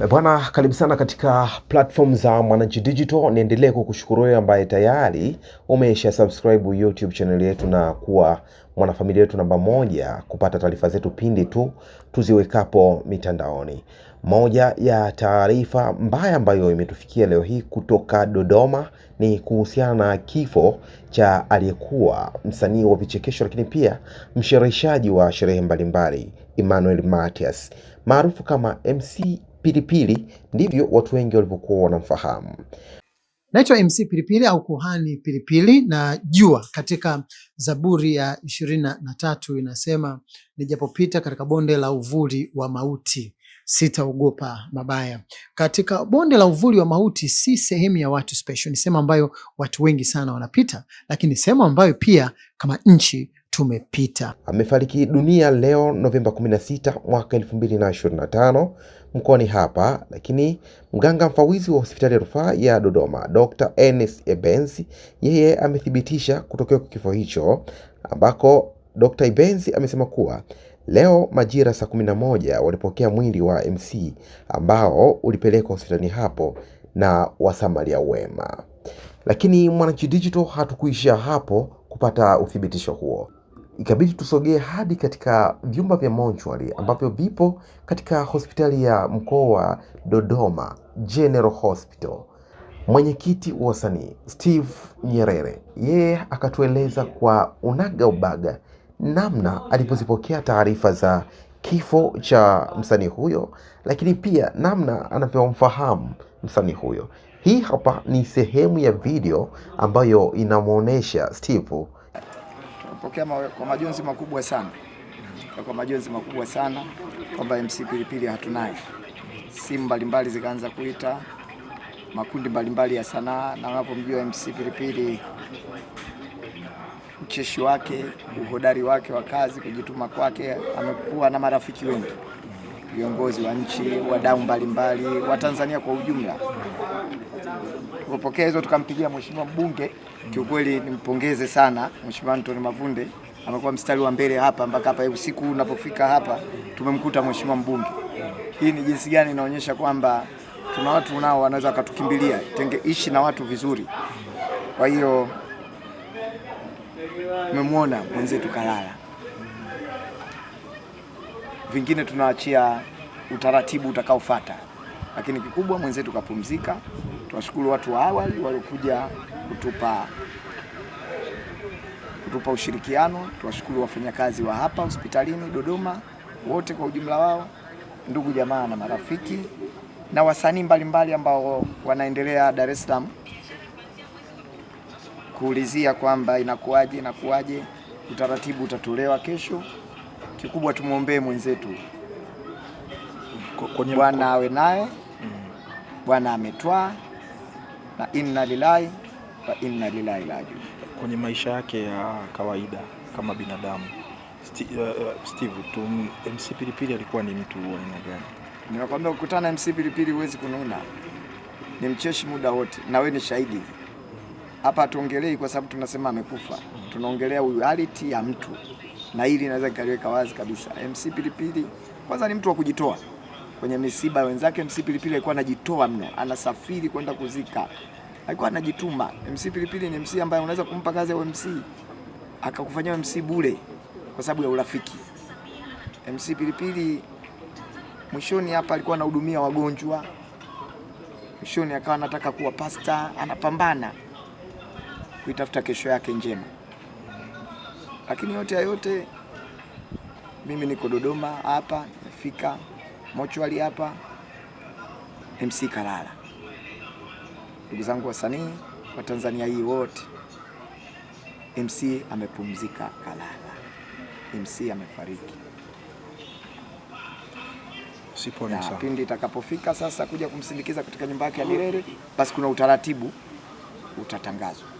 Eh, bwana, karibu sana katika platform za Mwananchi Digital. Niendelee kukushukuru wewe ambaye tayari umesha subscribe YouTube channel yetu na kuwa mwanafamilia wetu namba moja kupata taarifa zetu pindi tu tuziwekapo mitandaoni. Moja ya taarifa mbaya ambayo imetufikia leo hii kutoka Dodoma ni kuhusiana na kifo cha aliyekuwa msanii wa vichekesho lakini pia mshereheshaji wa sherehe mbalimbali Emmanuel Matias maarufu kama MC Pilipili, ndivyo watu wengi walivyokuwa wanamfahamu. Naitwa MC Pilipili au kuhani Pilipili na jua. Katika Zaburi ya ishirini na tatu inasema, nijapopita katika bonde la uvuli wa mauti sitaogopa mabaya. Katika bonde la uvuli wa mauti si sehemu ya watu special, ni sehemu ambayo watu wengi sana wanapita, lakini sehemu ambayo pia kama nchi tumepita. Amefariki dunia leo Novemba 16 mwaka 2025 mkoani hapa, lakini mganga mfawizi wa hospitali ya rufaa ya Dodoma Dr. Enes Ebenzi yeye amethibitisha kutokea kwa kifo hicho, ambako Dr. Ebenzi amesema kuwa leo majira saa moja walipokea mwili wa MC ambao ulipelekwa hospitalini hapo na wasamaria wema. Lakini Mwananchi Digital hatukuishia hapo kupata uthibitisho huo ikabidi tusogee hadi katika vyumba vya mochwari ambavyo vipo katika hospitali ya mkoa wa Dodoma General Hospital. Mwenyekiti wa wasanii Steve Nyerere yeye akatueleza kwa unaga ubaga namna alivyozipokea taarifa za kifo cha msanii huyo, lakini pia namna anavyomfahamu msanii huyo. Hii hapa ni sehemu ya video ambayo inamwonyesha Steve nimepokea kwa majonzi makubwa sana, kwa majonzi makubwa sana kwamba MC Pilipili hatunaye. Simu mbalimbali zikaanza kuita makundi mbalimbali ya sanaa, na wanapomjua MC Pilipili mcheshi wake, uhodari wake wa kazi, kujituma kwake, amekuwa na marafiki wengi viongozi wa nchi, wadau mbalimbali wa Tanzania kwa ujumla. Tulipokea hizo tukampigia mheshimiwa mbunge, kiukweli nimpongeze sana Mheshimiwa Anthony Mavunde, amekuwa mstari wa mbele hapa mpaka hapa usiku unapofika hapa tumemkuta mheshimiwa mbunge. Hii ni jinsi gani inaonyesha kwamba tuna watu nao wanaweza wakatukimbilia, tenge ishi na watu vizuri. Kwa hiyo umemwona mwenzetu kalala vingine tunaachia utaratibu utakaofuata, lakini kikubwa mwenzetu kapumzika. Tuwashukuru watu wa awali waliokuja kutupa kutupa ushirikiano. Tuwashukuru wafanyakazi wa hapa hospitalini Dodoma wote kwa ujumla wao, ndugu jamaa na marafiki, na wasanii mbalimbali ambao wanaendelea Dar es Salaam kuulizia kwamba inakuwaje, inakuwaje. Utaratibu utatolewa kesho kikubwa tumwombee mwenzetu Bwana awe naye. Mm. Bwana ametwaa na inna lillahi wa inna ilaihi rajiun. Kwenye maisha yake ya kawaida kama binadamu Steve, uh, uh, Steve tu MC Pilipili alikuwa ni mtu wa aina gani? Ninakwambia kukutana MC Pilipili huwezi kununa, ni mcheshi muda wote, na wewe ni shahidi hapa. hatuongelei kwa sababu tunasema amekufa, mm. tunaongelea reality ya mtu na hili naweza nikaliweka wazi kabisa. MC Pilipili kwanza ni mtu wa kujitoa kwenye misiba wenzake. MC Pilipili alikuwa anajitoa mno, anasafiri kwenda kuzika, alikuwa anajituma. MC Pilipili ni MC ambaye unaweza kumpa kazi ya MC akakufanyia MC bure kwa sababu ya urafiki. MC Pilipili mwishoni hapa alikuwa anahudumia wagonjwa, mwishoni akawa anataka kuwa pasta, anapambana kuitafuta kesho yake njema. Lakini yote ya yote, mimi niko Dodoma hapa, nimefika mochwali hapa MC Kalala. Ndugu zangu wasanii wa Tanzania hii wote, MC amepumzika Kalala, MC amefariki. Na pindi itakapofika sasa kuja kumsindikiza katika nyumba yake ya milele, basi kuna utaratibu utatangazwa.